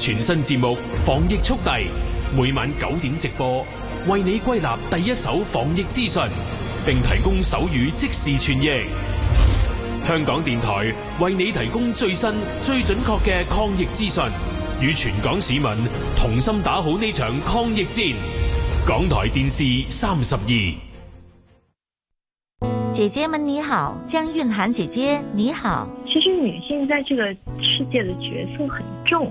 全新節目防疫速遞，每晚九點直播，為你歸納第一手防疫資訊，並提供手語即時傳譯。香港電台為你提供最新、最準確嘅抗疫資訊，與全港市民同心打好呢場抗疫戰。港台電視三十二，姐姐們你好，江韻涵姐姐你好。其實女性在這個世界的角色很重。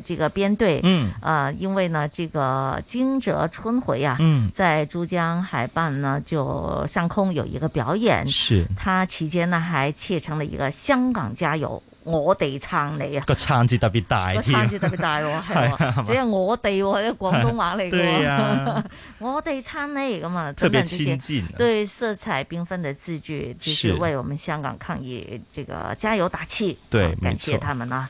這個編隊，嗯，呃，因為呢，這個驚蟄春回啊，嗯，在珠江海畔呢，就上空有一個表演，是。他期間呢，還砌成了一個香港加油，我哋撐你啊。個撐字特別大，個撐字特別大，哦，係只有我哋，哦，呢廣東話嚟噶。我哋撐你咁啊， 嘛 特別親近，啊。等等這些對色彩繽紛的字句，就是為我們香港抗疫這個加油打氣。啊，對，感謝他們啊。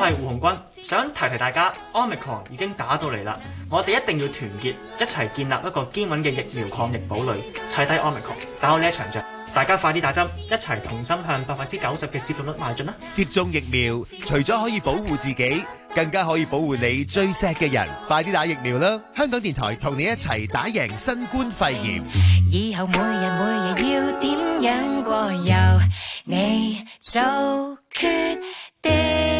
我係胡鴻鈞，想提提大家，奧密克戎已經打到嚟啦，我哋一定要團結，一齊建立一個堅穩嘅疫苗抗疫堡壘，砌低奧密克戎，打好呢一場仗。大家快啲打針，一齊同心向百分之九十嘅接種率邁進啦！接種疫苗，除咗可以保護自己，更加可以保護你最錫嘅人，快啲打疫苗啦！香港電台同你一齊打贏新冠肺炎。以後每日每日要點樣過？由你做決定。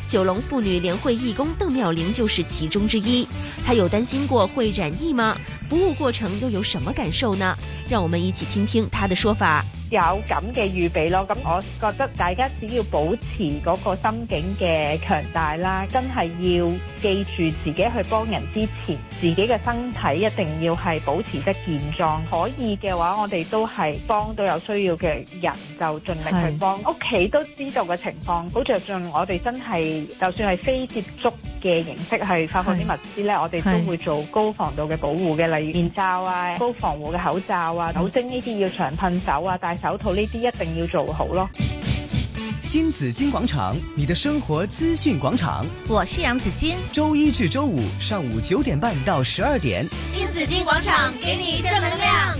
九龍婦女聯會義工鄧妙玲就是其中之一，她有擔心過會染疫嗎？服務過程又有什麼感受呢？讓我們一起聽聽她的說法。有咁嘅預備咯，咁我覺得大家只要保持嗰個心境嘅強大啦，真係要記住自己去幫人之前，自己嘅身體一定要係保持得健壯。可以嘅話，我哋都係幫到有需要嘅人就盡力去幫。屋企都知道嘅情況，好着重我哋真係。就算係非接觸嘅形式，係發放啲物資咧，我哋都會做高防度嘅保護嘅，例如面罩啊、高防護嘅口罩啊、酒精呢啲要常噴灑啊、戴手套呢啲一定要做好咯。新紫荊廣場，你的生活資訊廣場，我係楊子矜，周一至周五上午九點半到十二點，新紫荊廣場給你正能量。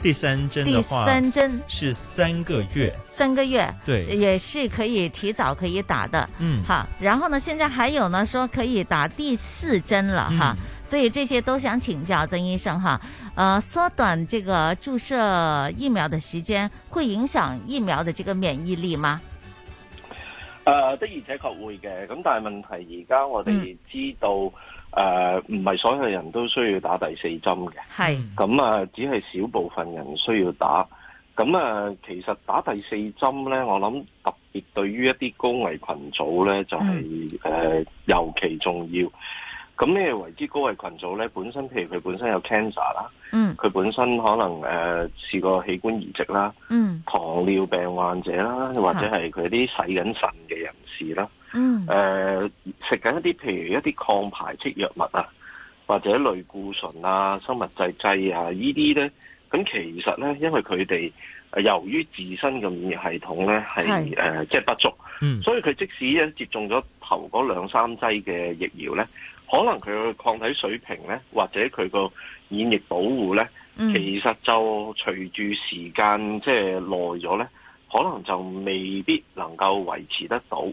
第三針的話，第三針是三個月，三個月對，也是可以提早可以打的，嗯，哈，然後呢，現在還有呢，說可以打第四針了、嗯、哈，所以這些都想請教曾醫生哈。呃，縮短這個注射疫苗的時間，會影響疫苗的這個免疫力嗎？呃，的而且確會嘅，咁但係問題，而家我哋知道、嗯。嗯誒、呃，唔係所有人都需要打第四針嘅，係，咁啊，只係少部分人需要打，咁啊，其實打第四針咧，我諗特別對於一啲高危群組咧，就係、是、誒、嗯呃、尤其重要。咁咩為之高危群組咧？本身譬如佢本身有 cancer 啦，嗯，佢本身可能誒試、呃、過器官移植啦，嗯，糖尿病患者啦，或者係佢啲洗緊腎嘅人士啦。嗯，呃、食緊一啲，譬如一啲抗排斥藥物啊，或者類固醇啊、生物製劑啊，依啲咧，咁其實咧，因為佢哋由於自身嘅免疫系統咧係誒即係不足，嗯、所以佢即使咧接種咗頭嗰兩三劑嘅疫苗咧，可能佢嘅抗體水平咧，或者佢個免疫保護咧、嗯，其實就隨住時間即係耐咗咧，可能就未必能夠維持得到。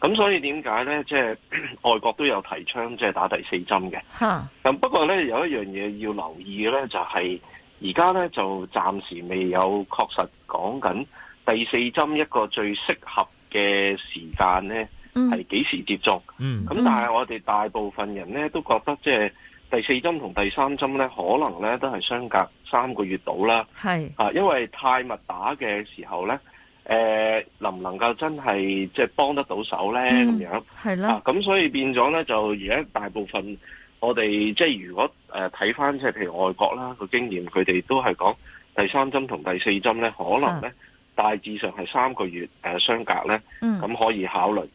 咁所以點解咧？即係外國都有提倡即係打第四針嘅。咁、huh. 不過咧，有一樣嘢要留意咧，就係而家咧就暫時未有確實講緊第四針一個最適合嘅時間咧，係、mm. 幾時接種嗯，咁、mm. 但係我哋大部分人咧都覺得即係第四針同第三針咧，可能咧都係相隔三個月到啦。係啊，因為太密打嘅時候咧。誒能唔能夠真係即係幫得到手咧？咁樣係啦，咁、啊、所以變咗咧，就而家大部分我哋即係如果睇翻即係譬如外國啦個經驗，佢哋都係講第三針同第四針咧，可能咧、啊、大致上係三個月、呃、相隔咧，咁、嗯、可以考慮。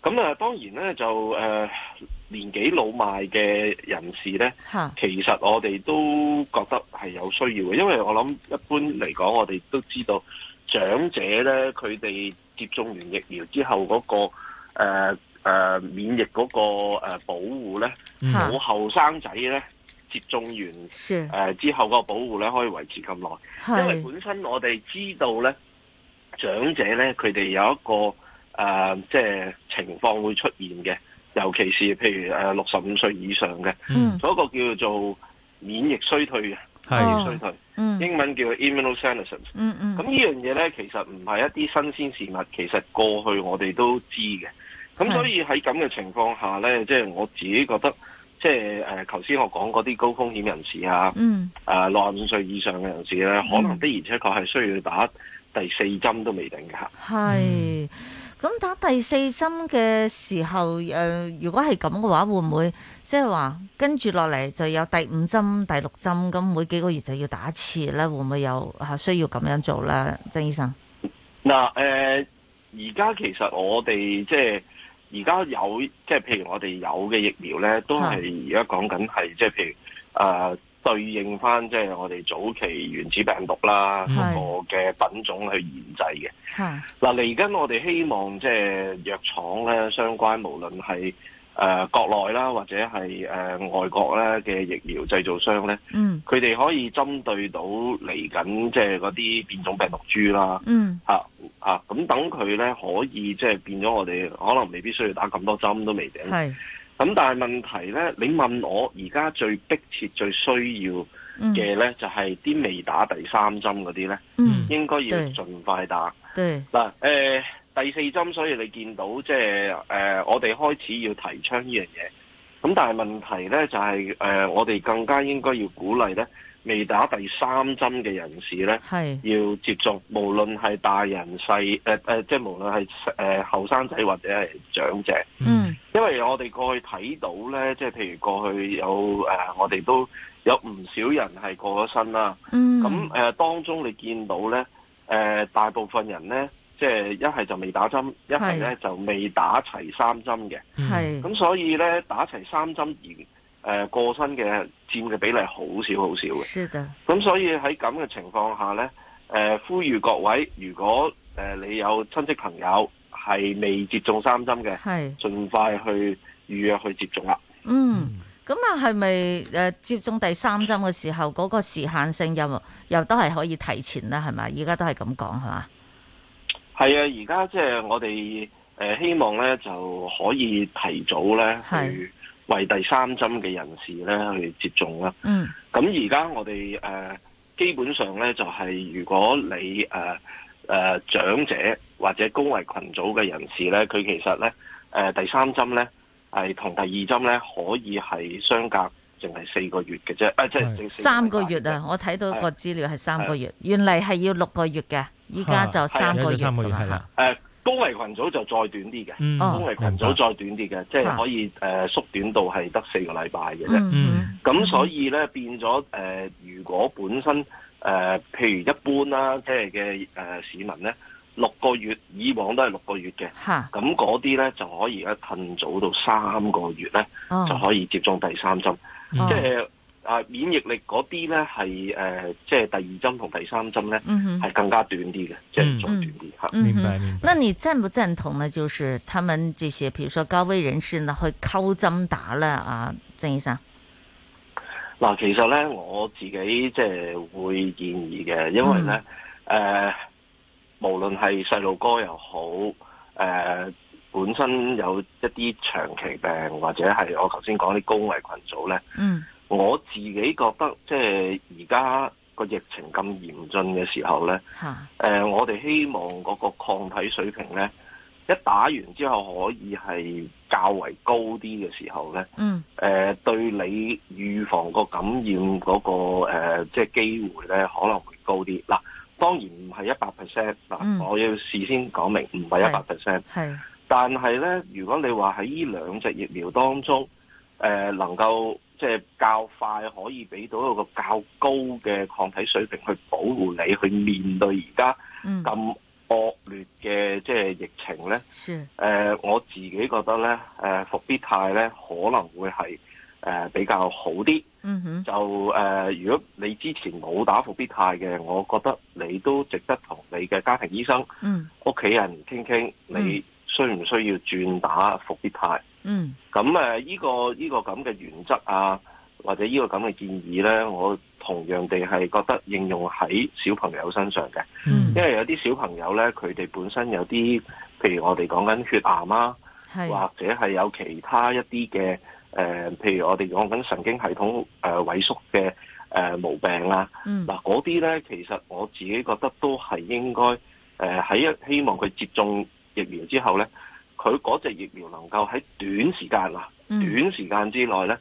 咁啊當然咧就誒、呃、年紀老邁嘅人士咧、啊，其實我哋都覺得係有需要嘅，因為我諗一般嚟講，我哋都知道。長者咧，佢哋接種完疫苗之後嗰、那個誒、呃呃、免疫嗰、那個呃嗯呃、個保護咧，冇後生仔咧接種完誒之後個保護咧可以維持咁耐，因為本身我哋知道咧長者咧，佢哋有一個誒、呃、即係情況會出現嘅，尤其是譬如誒六十五歲以上嘅，嗰、嗯那個叫做免疫衰退嘅。係衰退，英文叫 immunosenescence、嗯、嗯咁呢樣嘢咧，其實唔係一啲新鮮事物，其實過去我哋都知嘅。咁所以喺咁嘅情況下咧，即係我自己覺得，即係誒，頭、呃、先我講嗰啲高風險人士啊，誒、嗯呃、六廿五歲以上嘅人士咧，可能的而且確係需要打第四針都未定嘅吓。係。嗯咁打第四針嘅時候，呃，如果係咁嘅話，會唔會即係話跟住落嚟就有第五針、第六針？咁每幾個月就要打一次咧，會唔會有需要咁樣做咧？曾醫生，嗱，誒，而家其實我哋即係而家有即係譬如我哋有嘅疫苗咧，都係而家講緊係即係譬如誒。呃對應翻即係我哋早期原始病毒啦，任何嘅品種去研製嘅。嗱，嚟、啊、緊我哋希望即係藥廠咧，相關無論係誒國內啦，或者係誒、呃、外國咧嘅疫苗製造商咧，嗯，佢哋可以針對到嚟緊即係嗰啲變種病毒株啦，嗯，吓啊咁等佢咧可以即係變咗我哋，可能未必需要打咁多針都未定。咁但係問題咧，你問我而家最迫切、最需要嘅咧、嗯，就係、是、啲未打第三針嗰啲咧，應該要盡快打。嗱、呃，第四針，所以你見到即係、呃、我哋開始要提倡呢樣嘢。咁但係問題咧，就係、是呃、我哋更加應該要鼓勵咧。未打第三針嘅人士咧，要接觸，無論係大人細，誒誒、呃，即係無論係後生仔或者係長者。嗯，因為我哋過去睇到咧，即係譬如過去有誒、呃，我哋都有唔少人係過咗身啦、啊。嗯，咁、呃、當中你見到咧，誒、呃、大部分人咧，即係一係就未打針，一係咧就未打齊三針嘅。係、嗯，咁、嗯、所以咧打齊三針而。誒，過身嘅佔嘅比例好少好少嘅。係。咁所以喺咁嘅情況下呢，誒，呼籲各位，如果誒你有親戚朋友係未接種三針嘅，係，盡快去預約去接種啦。嗯，咁啊，係咪誒接種第三針嘅時候嗰個時限性又又都係可以提前咧？係咪？依家都係咁講係嘛？係啊，而家即係我哋希望呢就可以提早呢去。為第三針嘅人士咧去接種啦。嗯。咁而家我哋誒基本上咧就係，如果你誒誒長者或者高危群組嘅人士咧，佢其實咧誒第三針咧係同第二針咧可以係相隔淨係四個月嘅啫。即係、啊就係、三個月啊！我睇到個資料係三個月，啊啊、原嚟係要六個月嘅，依家就三個月。係啦、啊。高危群組就再短啲嘅，嗯哦，高危群組再短啲嘅，即係可以，啊呃、縮短到係得四個禮拜嘅啫。咁，嗯嗯、所以咧變咗，呃、如果本身，呃、譬如一般啦，即係嘅市民咧，六個月以往都係六個月嘅，咁嗰啲咧就可以一褪早到三個月咧，啊、就可以接種第三針，嗯嗯嗯、即啊免疫力嗰啲咧，係誒，即、呃、係、就是、第二針同第三針咧，係、mm -hmm. 更加短啲嘅，即係再短啲吓、mm -hmm. 嗯。明白，明白。那你贊唔贊同呢？就是他們這些，譬如說高危人士呢，呢去溝針打咧啊，曾醫生。嗱，其實咧我自己即係會建議嘅，因為咧誒、mm -hmm. 呃，無論係細路哥又好，誒、呃，本身有一啲長期病或者係我頭先講啲高危群組咧，嗯、mm -hmm.。我自己覺得，即係而家個疫情咁嚴峻嘅時候咧、呃，我哋希望嗰個抗體水平咧，一打完之後可以係較為高啲嘅時候咧，誒、嗯呃，對你預防個感染嗰、嗰個即係、呃即係、機會咧，可能會高啲。嗱，當然唔係一百 percent 嗱，我要事先講明唔係一百 percent，但係咧，如果你話喺呢兩隻疫苗當中，呃、能夠即係較快可以俾到一個較高嘅抗體水平去保護你，去面對而家咁惡劣嘅即係疫情咧。誒，我自己覺得咧，誒復必泰咧可能會係比較好啲。嗯哼。就如果你之前冇打復必泰嘅，我覺得你都值得同你嘅家庭醫生、屋企人傾傾，你需唔需要轉打復必泰？嗯，咁誒、呢個，依、呢個呢個咁嘅原則啊，或者呢個咁嘅建議咧，我同樣地係覺得應用喺小朋友身上嘅。嗯，因為有啲小朋友咧，佢哋本身有啲，譬如我哋講緊血癌啊，或者係有其他一啲嘅、呃，譬如我哋講緊神經系統誒萎縮嘅、呃、毛病啊。嗱嗰啲咧，其實我自己覺得都係應該，喺、呃、希望佢接種疫苗之後咧。佢嗰隻疫苗能夠喺短時間啦、嗯、短時間之內咧，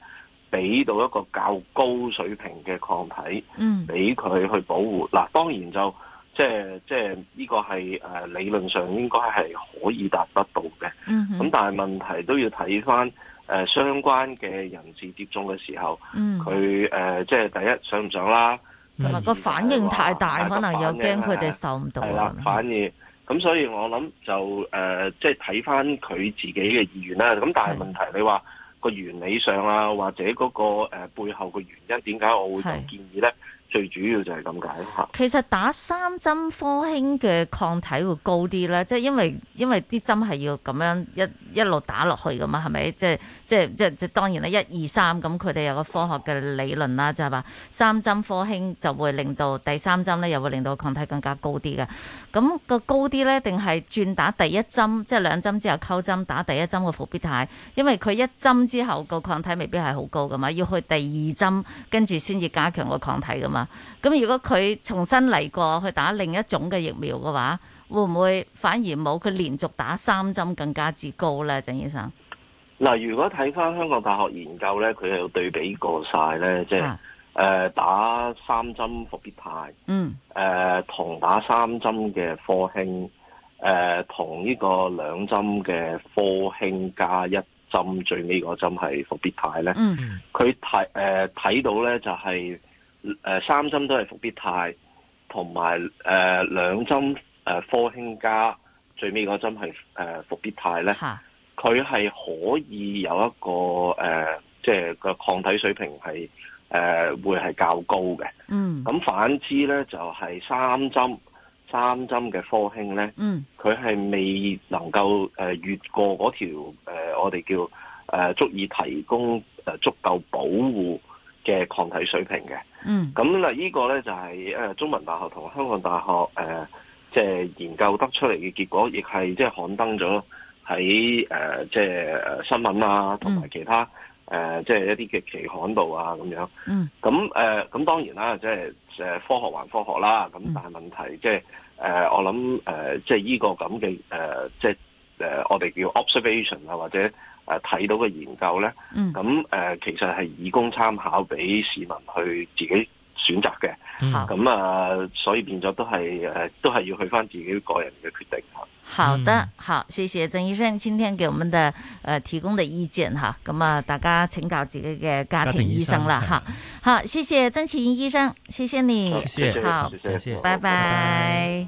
俾到一個較高水平嘅抗體，嗯，俾佢去保護。嗱、啊，當然就即係即係呢個係理論上應該係可以達得到嘅。咁、嗯、但係問題都要睇翻、呃、相關嘅人士接種嘅時候，佢、嗯呃、即係第一想唔想啦，同埋個反應太大，可能又驚佢哋受唔到啊，啦反而。咁所以我，我、呃、諗就誒，即係睇翻佢自己嘅意願啦。咁但係問題你，你話個原理上啊，或者嗰、那個、呃、背後嘅原因，點解我會咁建議咧？最主要就係咁解咯。其實打三針科興嘅抗體會高啲咧，即係因為，因為啲針係要咁樣一一路打落去噶嘛，係咪？即係即係即係即當然啦，一二三咁，佢哋有個科學嘅理論啦，就係話三針科興就會令到第三針咧，又會令到抗體更加高啲嘅。咁個高啲咧，定係轉打第一針，即係兩針之後溝針打第一針嘅復必泰，因為佢一針之後個抗體未必係好高噶嘛，要去第二針跟住先至加強個抗體噶嘛。咁如果佢重新嚟過，去打另一種嘅疫苗嘅話，會唔會反而冇佢連續打三針更加之高咧？鄭醫生嗱，如果睇翻香港大學研究咧，佢係有對比過晒咧，即係誒打三針復必泰，嗯、啊，誒同打三針嘅科興，誒同呢個兩針嘅科興加一針最尾嗰針係復必泰咧，嗯、啊，佢睇誒睇到咧就係、是。誒，三針都係復必泰，同埋誒兩針誒科興加最尾嗰針係誒復必泰咧，佢係可以有一個誒即係個抗體水平係誒、呃、會係較高嘅。嗯，咁反之咧就係、是、三針三針嘅科興咧，嗯，佢係未能夠誒越過嗰條誒我哋叫誒、呃、足以提供誒足夠保護。嘅抗體水平嘅，嗯，咁嗱，呢個咧就係中文大學同香港大學誒，即係研究得出嚟嘅結果，亦係即係刊登咗喺誒即係新聞啊，同埋其他誒即係一啲嘅期刊度啊咁樣，嗯，咁誒咁當然啦，即係誒科學還科學啦，咁、嗯、但係問題即係誒我諗誒即係呢個咁嘅誒即係我哋叫 observation 啊或者。誒、呃，睇到嘅研究咧，咁、嗯、誒、嗯呃，其實係以供參考俾市民去自己選擇嘅。咁啊、嗯，所以變咗都係誒，都係要去翻自己個人嘅決定吓。好的，好，謝謝鄭醫生今天給我們的誒、呃、提供的意見吓。咁啊，大家請教自己嘅家庭醫生啦吓。好，謝謝曾祈殷醫生，謝謝你。謝謝謝，謝謝，拜拜。拜拜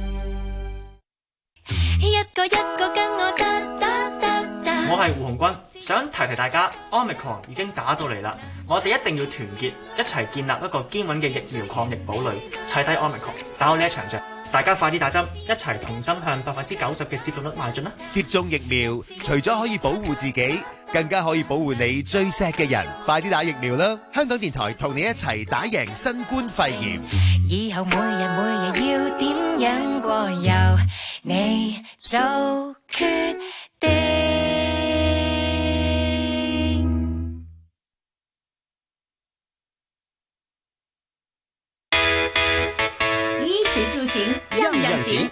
一個一個跟我打我係胡鴻鈞，想提提大家，Omicron 已經打到嚟啦，我哋一定要團結，一齊建立一個堅穩嘅疫苗抗疫堡壘，砌低 Omicron，打好呢一場仗，大家快啲打針，一齊同心向百分之九十嘅接種率邁進啦！接種疫苗，除咗可以保護自己。更加可以保護你最錫嘅人，快啲打疫苗啦！香港電台同你一齊打贏新冠肺炎。以後每日每日要點樣過由你做決定。衣食住行樣樣行。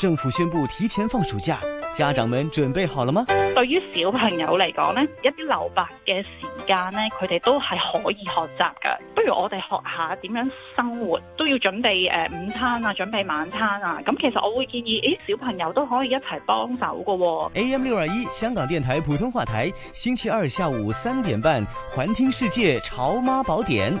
政府宣佈提前放暑假，家長們準備好了嗎？對於小朋友嚟講呢，一啲留白嘅時間呢，佢哋都係可以學習噶。不如我哋學下點樣生活，都要準備誒午餐啊，準備晚餐啊。咁其實我會建議，誒小朋友都可以一齊幫手噶。AM 六二一，香港電台普通話台，星期二下午三點半，環聽世界，潮媽寶典。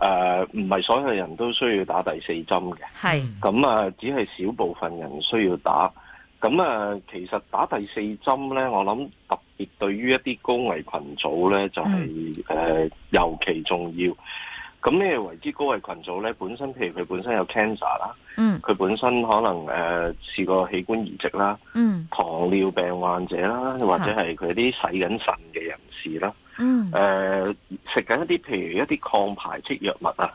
誒唔係所有人都需要打第四針嘅，係咁啊，只係少部分人需要打。咁啊，其實打第四針咧，我諗特別對於一啲高危群組咧，就係、是、誒、嗯呃、尤其重要。咁咩為之高危群組咧？本身譬如佢本身有 cancer 啦，嗯，佢本身可能誒、呃、試過器官移植啦，嗯，糖尿病患者啦，或者係佢啲洗緊腎嘅人士啦。嗯，食、呃、緊一啲，譬如一啲抗排斥藥物啊，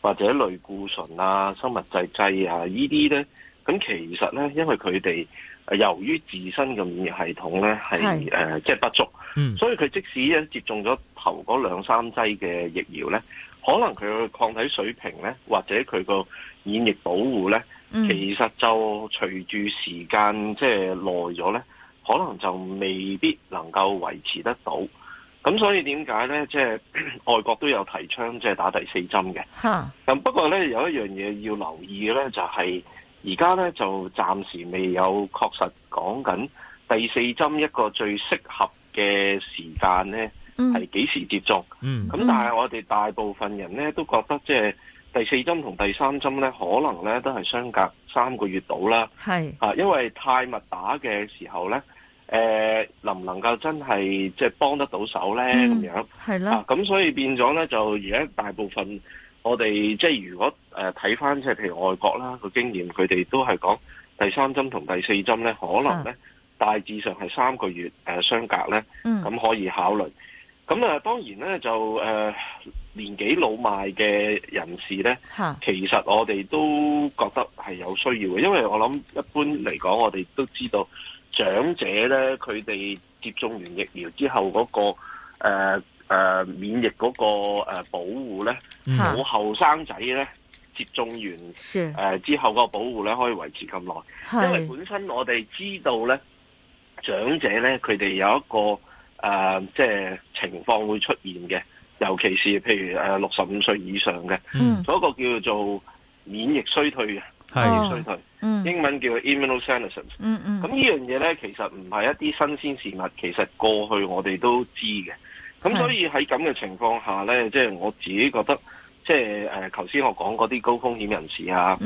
或者類固醇啊、生物製劑啊，依啲咧，咁、嗯嗯、其實咧，因為佢哋由於自身嘅免疫系統咧係呃、即係不足，嗯、所以佢即使咧接種咗頭嗰兩三劑嘅疫苗咧，可能佢嘅抗體水平咧，或者佢個免疫保護咧、嗯，其實就隨住時間即係耐咗咧，可能就未必能夠維持得到。咁所以點解咧？即係外國都有提倡即係打第四針嘅。咁不過咧有一樣嘢要留意咧，就係，就係而家咧就暫時未有確實講緊第四針一個最適合嘅時間咧，係、嗯、幾時接種。嗯，咁但係我哋大部分人咧都覺得即係第四針同第三針咧，可能咧都係相隔三個月到啦。係啊，因為太密打嘅時候咧。誒、呃，能唔能夠真係即係幫得到手咧？咁、嗯、樣係啦。咁、啊、所以變咗咧，就而家大部分我哋即係如果誒睇翻即係譬如外國啦個經驗，佢哋都係講第三針同第四針咧，可能咧大致上係三個月誒、呃、相隔咧，咁、嗯、可以考慮。咁啊，當然咧就誒、呃、年紀老邁嘅人士咧，其實我哋都覺得係有需要嘅，因為我諗一般嚟講，我哋都知道。長者咧，佢哋接種完疫苗之後嗰、那個誒、呃呃、免疫嗰個保護咧，冇、mm -hmm. 後生仔咧接種完誒、呃、之後嗰個保護咧可以維持咁耐，因為本身我哋知道咧長者咧佢哋有一個誒、呃、即係情況會出現嘅，尤其是譬如誒六十五歲以上嘅，嗰、mm -hmm. 個叫做免疫衰退嘅。係衰退，英文叫 immunosenescence、嗯、嗯咁呢樣嘢咧，其實唔係一啲新鮮事物，其實過去我哋都知嘅。咁所以喺咁嘅情況下咧，即係我自己覺得，即係誒，頭、呃、先我講嗰啲高風險人士啊，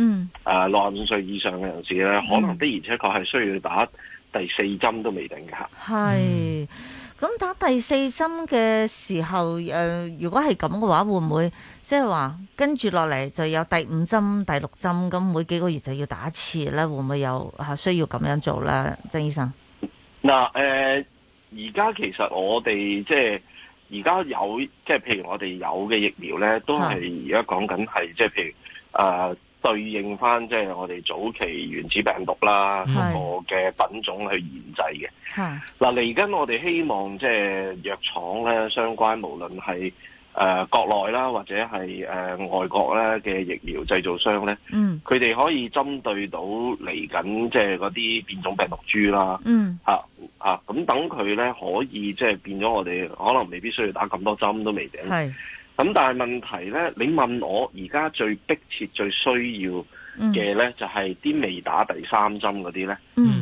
誒六十五歲以上嘅人士咧、嗯，可能的而且確係需要打第四針都未定嘅吓。係。嗯咁打第四針嘅時候，誒、呃，如果係咁嘅話，會唔會即係話跟住落嚟就有第五針、第六針？咁每幾個月就要打一次咧，會唔會有啊？需要咁樣做咧，曾醫生？嗱，誒，而家其實我哋即係而家有，即係譬如我哋有嘅疫苗咧，都係而家講緊係即係譬如誒，呃對應翻即係我哋早期原始病毒啦，個嘅品種去研製嘅。嗱，嚟緊我哋希望即係藥廠咧，相關無論係誒國內啦，或者係誒外國咧嘅疫苗製造商咧，嗯，佢哋可以針對到嚟緊即係嗰啲變種病毒株啦，嗯，嚇，咁等佢咧可以即係變咗，我哋可能未必需要打咁多針都未定。咁但係問題咧，你問我而家最迫切、最需要嘅咧、嗯，就係、是、啲未打第三針嗰啲咧，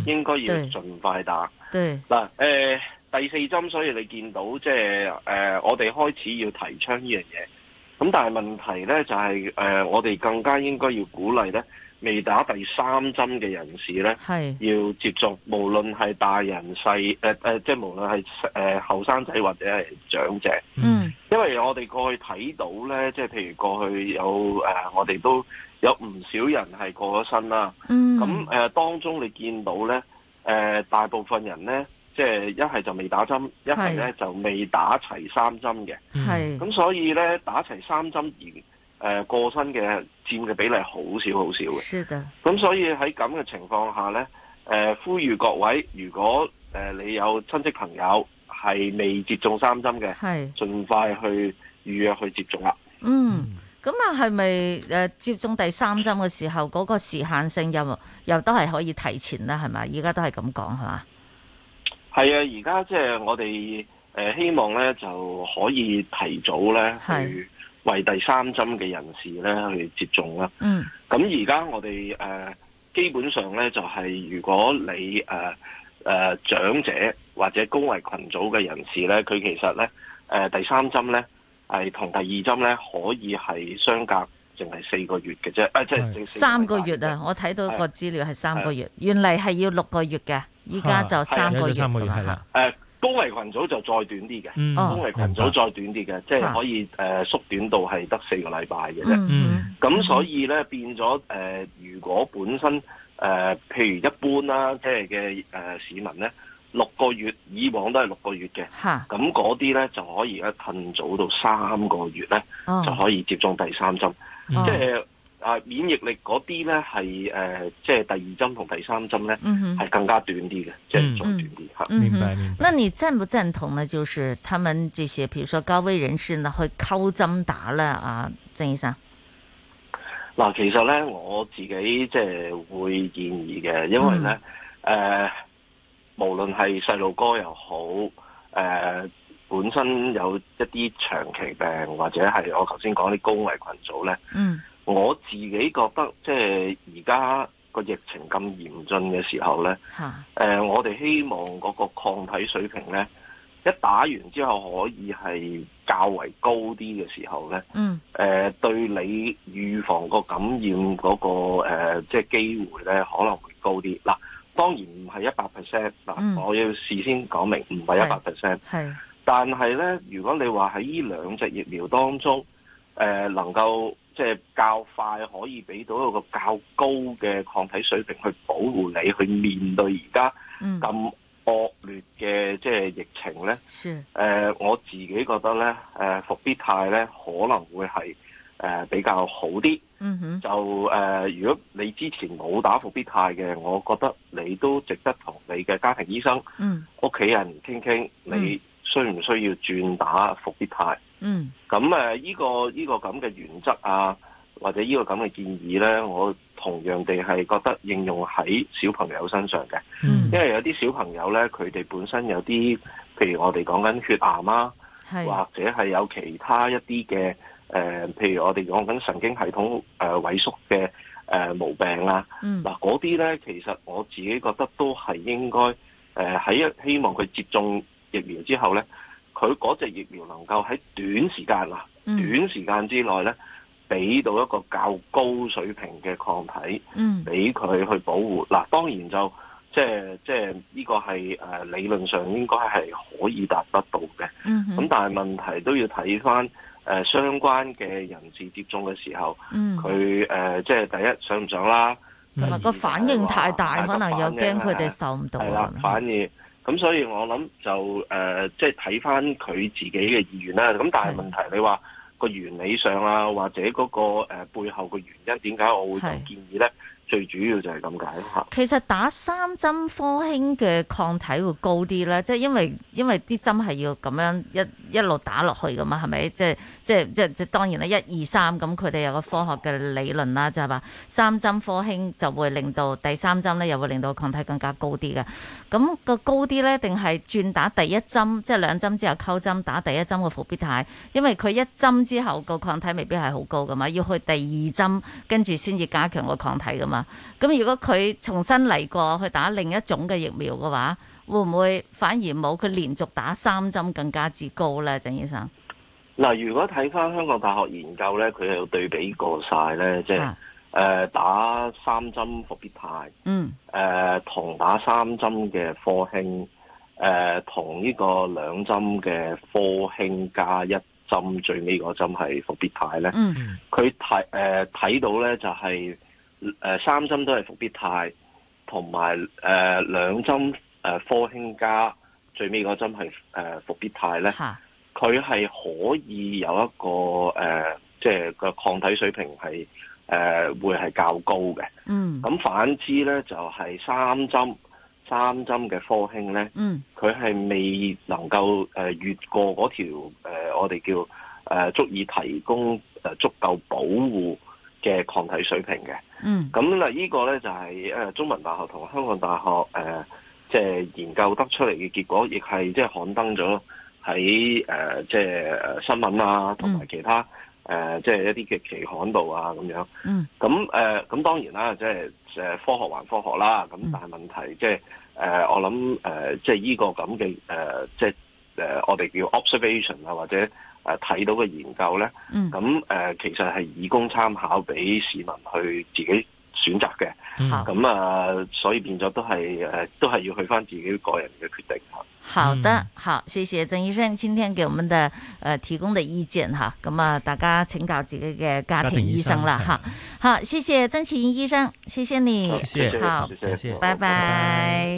應該要盡快打。嗱、呃，第四針，所以你見到即係、呃、我哋開始要提倡呢樣嘢。咁但係問題咧，就係、是呃、我哋更加應該要鼓勵咧。未打第三針嘅人士咧，要接種，無論係大人細，誒、呃、即係無論係誒後生仔或者係長者。嗯，因為我哋過去睇到咧，即係譬如過去有誒、呃，我哋都有唔少人係過咗身啦。嗯，咁、呃、當中你見到咧，誒、呃、大部分人咧，即係一係就未打針，一係咧就未打齊三針嘅。係，咁所以咧打齊三針而。誒，過身嘅佔嘅比例好少好少嘅。咁所以喺咁嘅情況下呢，誒，呼籲各位，如果誒你有親戚朋友係未接種三針嘅，係，盡快去預約去接種啦。嗯，咁啊，係咪誒接種第三針嘅時候，嗰個時限性又又都係可以提前啦，係咪？依家都係咁講係嘛？係啊，而家即係我哋希望呢就可以提早呢去。為第三針嘅人士咧去接種啦。嗯。咁而家我哋誒，基本上咧就係如果你誒誒長者或者高危群組嘅人士咧，佢其實咧誒第三針咧係同第二針咧可以係相隔淨係四個月嘅啫。誒、啊，即係三個月啊！我睇到個資料係三個月，原嚟係要六個月嘅，依家就三個月。三個月係啦。高危群組就再短啲嘅、嗯哦，高危群組再短啲嘅，即係可以誒、呃、縮短到係得四個禮拜嘅啫。咁、嗯嗯、所以咧、嗯、變咗、呃、如果本身、呃、譬如一般啦，即係嘅市民咧，六個月以往都係六個月嘅，咁嗰啲咧就可以而家褪早到三個月咧、哦、就可以接種第三針，嗯嗯、即啊免疫力嗰啲咧，係誒，即、呃、係、就是、第二針同第三針咧，係、mm -hmm. 更加短啲嘅，即、就、係、是、再短啲吓、mm -hmm.。明白，明白。那你贊唔贊同呢？就是他們這些，比如說高危人士呢，呢去溝針打啦啊，曾醫生。嗱，其實咧我自己即係會建議嘅，因為咧誒、mm -hmm. 呃，無論係細路哥又好，誒、呃，本身有一啲長期病或者係我頭先講啲高危群組咧，嗯、mm -hmm.。我自己覺得，即係而家個疫情咁嚴峻嘅時候咧，誒，我哋希望嗰個抗體水平咧，一打完之後可以係較為高啲嘅時候咧，嗯，誒，對你預防個感染嗰個誒，即係機會咧，可能會高啲。嗱，當然唔係一百 percent，嗱，我要事先講明，唔係一百 percent，但係咧，如果你話喺呢兩隻疫苗當中，誒，能夠即、就、係、是、較快可以俾到一個較高嘅抗體水平去保護你，去面對而家咁惡劣嘅即係疫情咧。是、呃。我自己覺得咧，誒復必泰咧可能會係誒、呃、比較好啲。嗯哼。就誒、呃，如果你之前冇打復必泰嘅，我覺得你都值得同你嘅家庭醫生、屋、嗯、企人傾傾，你需唔需要轉打復必泰？嗯，咁誒、這個，依、這個呢個咁嘅原則啊，或者呢個咁嘅建議咧，我同樣地係覺得應用喺小朋友身上嘅。嗯，因為有啲小朋友咧，佢哋本身有啲，譬如我哋講緊血癌啊，係或者係有其他一啲嘅誒，譬如我哋講緊神經系統誒萎縮嘅誒毛病啊。嗱嗰啲咧，其實我自己覺得都係應該誒喺一希望佢接種疫苗之後咧。佢嗰隻疫苗能夠喺短時間啊，短時間之內咧，俾到一個較高水平嘅抗體，俾、嗯、佢去保護嗱。當然就即係即係呢個係誒理論上應該係可以達得到嘅。咁、嗯、但係問題都要睇翻誒相關嘅人士接種嘅時候，佢、嗯、誒、呃、即係第一想唔想啦。同埋個反應太大，可能有驚佢哋受唔到啦。係啦，反而。咁所以我想，我、呃、諗就誒即係睇翻佢自己嘅意願啦。咁但係問題是，你話個原理上啊，或者嗰、嗰個誒、呃、背後嘅原因，點解我會咁建議咧？最主要就係咁解。其實打三針科興嘅抗體會高啲呢，即係因為因為啲針係要咁樣一一路打落去噶嘛，係咪？即係即係即係當然啦，1, 2, 3, 一二三咁，佢哋有個科學嘅理論啦，就係話三針科興就會令到第三針呢，又會令到抗體更加高啲嘅。咁個高啲呢，定係轉打第一針，即係兩針之後溝針打第一針個復必泰，因為佢一針之後個抗體未必係好高噶嘛，要去第二針跟住先至加強個抗體噶嘛。咁如果佢重新嚟過去打另一種嘅疫苗嘅話，會唔會反而冇佢連續打三針更加之高呢？鄭醫生嗱，如果睇翻香港大學研究呢，佢係有對比過晒呢。即係打三針伏必泰，嗯，誒同打三針嘅科興，誒同呢個兩針嘅科興加一針最尾嗰針係伏必泰呢。佢睇誒睇到呢就係。三針都係復必泰，同埋誒兩針誒、呃、科興加最尾嗰針係復、呃、必泰咧，佢係可以有一個誒，即、呃、係、就是、個抗體水平係誒、呃、會係較高嘅。嗯，咁反之咧就係、是、三針三針嘅科興咧，嗯，佢係未能夠誒越過嗰條、呃、我哋叫誒、呃、足以提供足夠保護嘅抗體水平嘅，嗯，咁嗱，依個咧就係誒中文大學同香港大學誒，即係研究得出嚟嘅結果，亦係即係刊登咗喺誒即係新聞啊，同埋其他誒即係一啲嘅期刊度啊咁樣，嗯，咁誒咁當然啦，即係誒科學還科學啦，咁但係問題即係誒我諗誒即係呢個咁嘅誒即係誒我哋叫 observation 啊或者。睇到嘅研究咧，咁、嗯、誒，其實係以供參考俾市民去自己選擇嘅。咁、嗯、啊，所以變咗都係誒，都係要去翻自己個人嘅決定吓。好的，好，謝謝鄭醫生今天給我們的誒、呃、提供的意見哈。咁啊，大家請教自己嘅家庭醫生啦，吓。好，謝謝曾祈殷醫生，謝謝你，謝謝謝，謝謝，拜拜。拜拜。